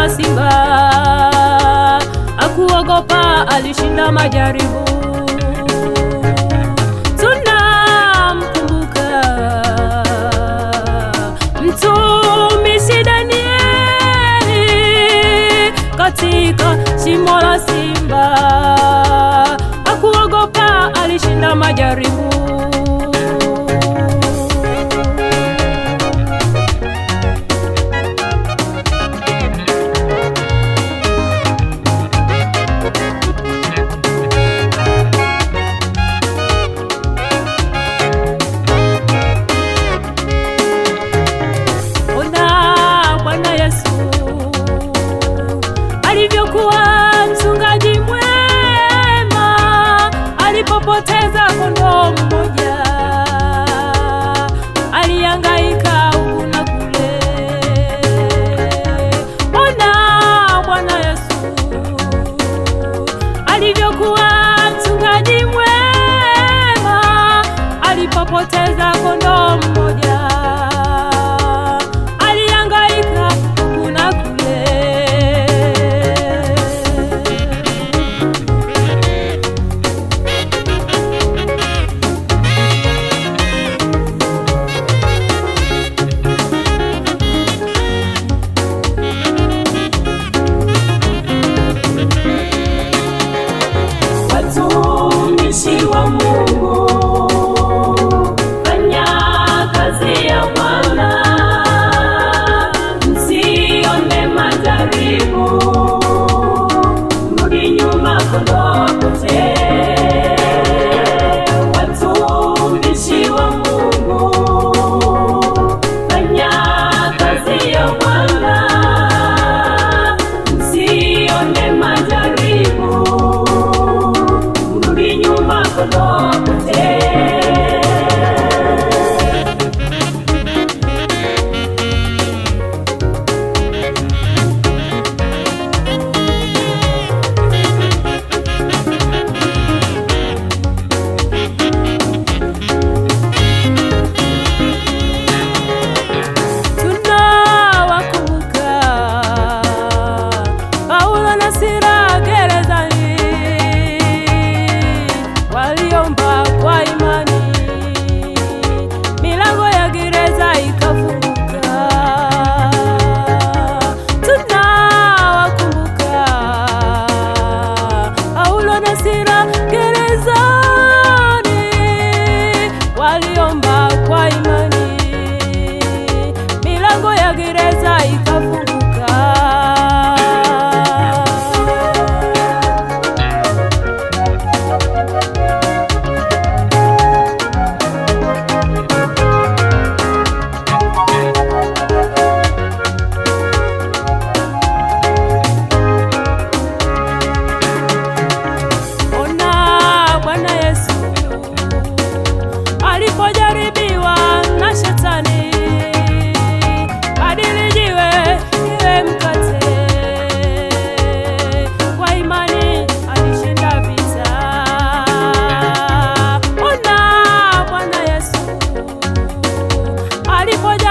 kama simba, akuogopa, alishinda majaribu. Tunamkumbuka mtumishi Danieli katika shimo la simba, akuogopa alishinda majaribu. kupoteza kondoo mmoja.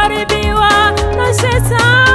kuharibiwa na shetani.